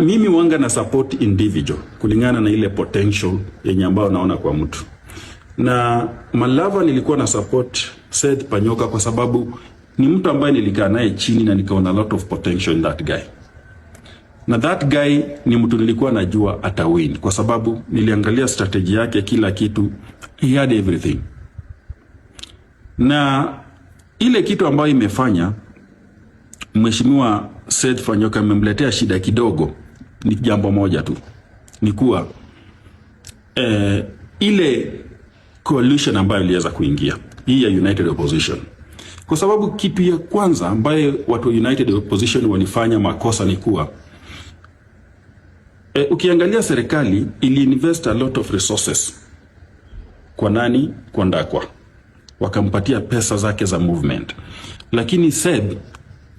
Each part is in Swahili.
Mimi wanga na support individual kulingana na ile potential yenye ambayo naona kwa mtu, na Malava nilikuwa na support Seth Panyoka kwa sababu ni mtu ambaye nilikaa naye chini na nikaona lot of potential in that guy, na that guy ni mtu nilikuwa najua atawin kwa sababu niliangalia strategy yake, kila kitu, he had everything, na ile kitu ambayo imefanya mheshimiwa Seth Panyoka imemletea shida kidogo ni jambo moja tu, ni kuwa eh, ile coalition ambayo iliweza kuingia hii ya United Opposition, kwa sababu kitu ya kwanza ambayo watu wa United Opposition walifanya makosa ni kuwa e, ukiangalia serikali ili invest a lot of resources kwa nani kwa Ndakwa wakampatia pesa zake za movement, lakini SEB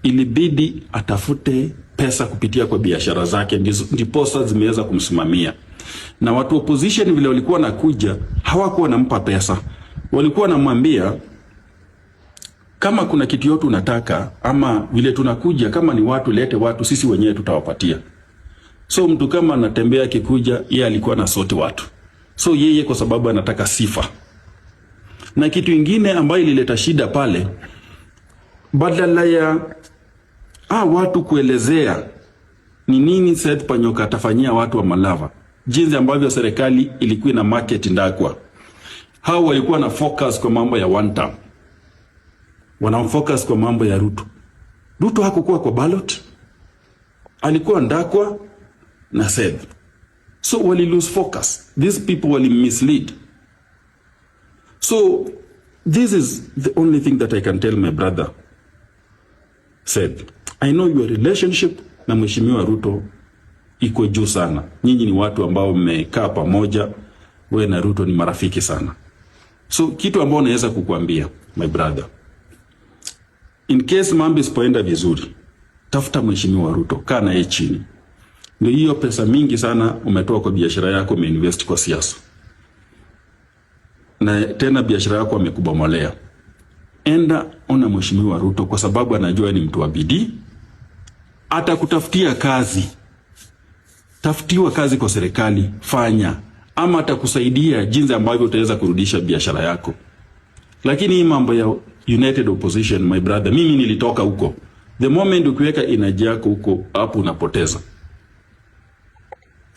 ilibidi atafute pesa kupitia kwa biashara zake, ndiposa zimeweza kumsimamia. Na watu opposition vile walikuwa nakuja, hawakuwa nampa pesa, walikuwa namwambia kama kuna kitu yote unataka ama vile tunakuja, kama ni watu lete watu, sisi wenyewe tutawapatia. So mtu kama anatembea akikuja, yeye alikuwa na sote watu, so yeye kwa sababu anataka sifa. Na kitu ingine ambayo ilileta shida pale badala ya ah, watu kuelezea ni nini Seth Panyoka atafanyia watu wa Malava, jinsi ambavyo serikali ilikuwa na market ndakwa, hao walikuwa na focus kwa mambo ya one term, wanamfocus kwa mambo ya Ruto. Ruto hakukuwa kwa ballot, alikuwa ndakwa na Seth, so wali lose focus, these people wali mislead. So this is the only thing that I can tell my brother said, I know your relationship na Mheshimiwa Ruto iko juu sana. Nyinyi ni watu ambao mmekaa pamoja, we na Ruto ni marafiki sana. So kitu ambao naweza kukuambia my brother, in case mambo isipoenda vizuri, tafuta Mheshimiwa Ruto, kaa naye chini. Ndio hiyo pesa mingi sana umetoa kwa biashara yako umeinvest kwa siasa, na tena biashara yako amekubomolea enda ona mheshimiwa Ruto kwa sababu anajua ni mtu wa bidii, atakutafutia kazi, tafutiwa kazi kwa serikali, fanya ama atakusaidia jinsi ambavyo utaweza kurudisha biashara yako. Lakini hii mambo ya united opposition, my brother, mimi nilitoka huko. The moment ukiweka energy yako huko, hapo unapoteza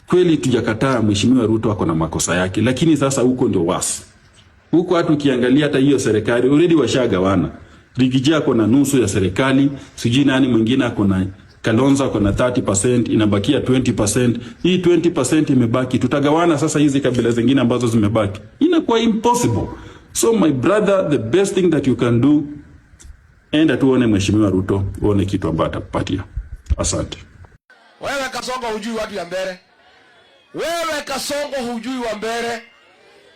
kweli. Tujakataa, mheshimiwa Ruto ako na makosa yake, lakini sasa huko ndio wasi huko watu ukiangalia hata hiyo serikali already washagawana. Rigija ako na nusu ya serikali, sijui nani mwingine ako na Kalonzo ako na 30%, inabakia 20%. Hii 20% imebaki. Tutagawana sasa hizi kabila zingine ambazo zimebaki. Inakuwa impossible. So my brother, the best thing that you can do, enda tuone Mheshimiwa Ruto, uone kitu ambacho atakupatia. Asante. Wewe Kasongo hujui watu ya mbele. Wewe Kasongo hujui wa mbele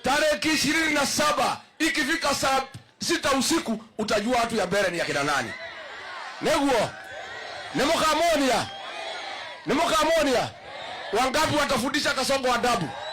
tarehe ishirini na saba ikifika saa sita usiku utajua watu ya bere ni akina nani neguo nemokamonia nemokamonia wangapi watafundisha kasongo adabu